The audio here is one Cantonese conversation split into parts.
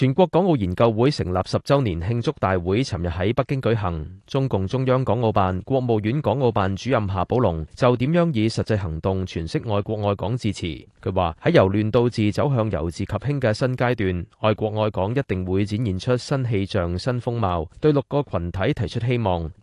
全國港澳研究會成立十周年慶祝大會尋日喺北京舉行。中共中央港澳辦、國務院港澳辦主任夏寶龍就點樣以實際行動詮釋愛國愛港致辭。佢話喺由亂到治走向由治及興嘅新階段，愛國愛港一定會展現出新氣象、新風貌，對六個群體提出希望。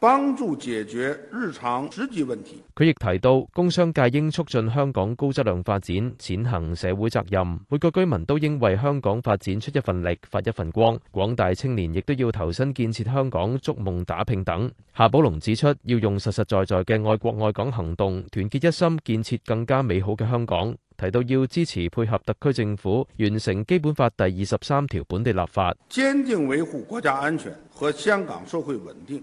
幫助解決日常實際問題。佢亦提到，工商界應促進香港高質量發展，踐行社會責任。每個居民都應為香港發展出一份力，發一份光。廣大青年亦都要投身建設香港，逐夢打拼等。夏寶龍指出，要用實實在在嘅愛國愛港行動，團結一心，建設更加美好嘅香港。提到要支持配合特區政府完成基本法第二十三條本地立法，堅定維護國家安全和香港社會穩定。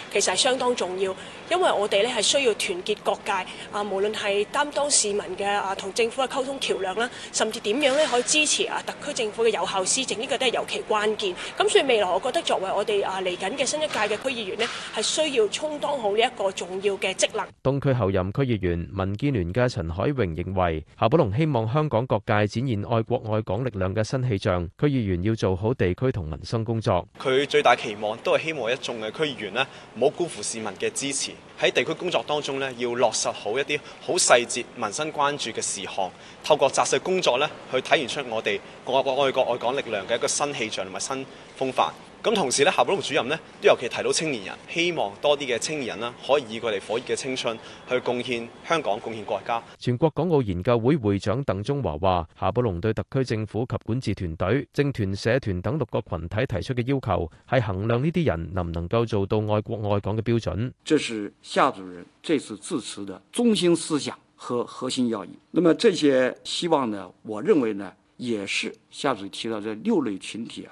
其實係相當重要，因為我哋咧係需要團結各界啊，無論係擔當市民嘅啊同政府嘅溝通橋樑啦，甚至點樣咧可以支持啊特區政府嘅有效施政，呢個都係尤其關鍵。咁所以未來我覺得作為我哋啊嚟緊嘅新一屆嘅區議員咧，係需要充當好呢一個重要嘅職能。東區候任區議員民建聯嘅陳海榮認為，夏寶龍希望香港各界展現愛國愛港力量嘅新氣象，區議員要做好地區同民生工作。佢最大期望都係希望一眾嘅區議員咧。不辜負市民嘅支持，喺地區工作當中呢，要落實好一啲好細節民生關注嘅事項，透過紮實工作呢，去體現出我哋愛國愛國愛港力量嘅一個新氣象同埋新風範。咁同時咧，夏寶龍主任咧都尤其提到青年人，希望多啲嘅青年人啦，可以以佢哋火熱嘅青春去貢獻香港、貢獻國家。全國港澳研究會會長鄧中華話，夏寶龍對特區政府及管治團隊政團社團等六個群體提出嘅要求，係衡量呢啲人能唔能夠做到愛國愛港嘅標準，這是夏主任這次致辭的中心思想和核心要義。那麼這些希望呢，我認為呢，也是夏主任提到這六類群體啊，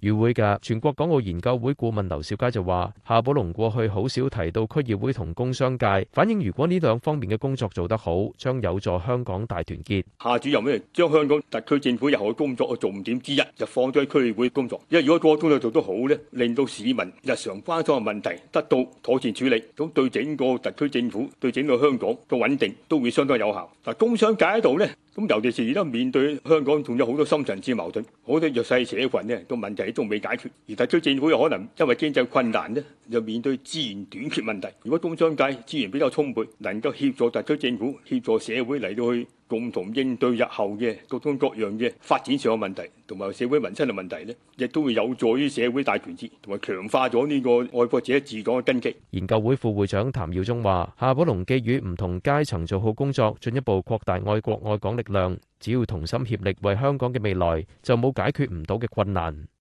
與會嘅全國港澳研究會顧問劉兆佳就話：夏寶龍過去好少提到區議會同工商界，反映如果呢兩方面嘅工作做得好，將有助香港大團結。夏主任咧，將香港特區政府日後工作嘅重點之一，就放咗喺區議會工作，因為如果嗰個工作做得好呢，令到市民日常關心嘅問題得到妥善處理，咁對整個特區政府、對整個香港嘅穩定都會相當有效。但工商界喺度呢。咁尤其是而家面對香港仲有好多深層次矛盾，好多弱勢社羣呢個問題仲未解決，而特區政府又可能因為經濟困難呢。就面對資源短缺問題。如果工商界資源比較充沛，能夠協助特區政府、協助社會嚟到去共同應對日後嘅各種各樣嘅發展上嘅問題，同埋社會民生嘅問題咧，亦都會有助於社會大團結，同埋強化咗呢個愛國者治港嘅根基。研究會副會長譚耀宗話，夏寶龍寄語唔同階層做好工作，進一步擴大愛國愛港力量，只要同心協力，為香港嘅未來就冇解決唔到嘅困難。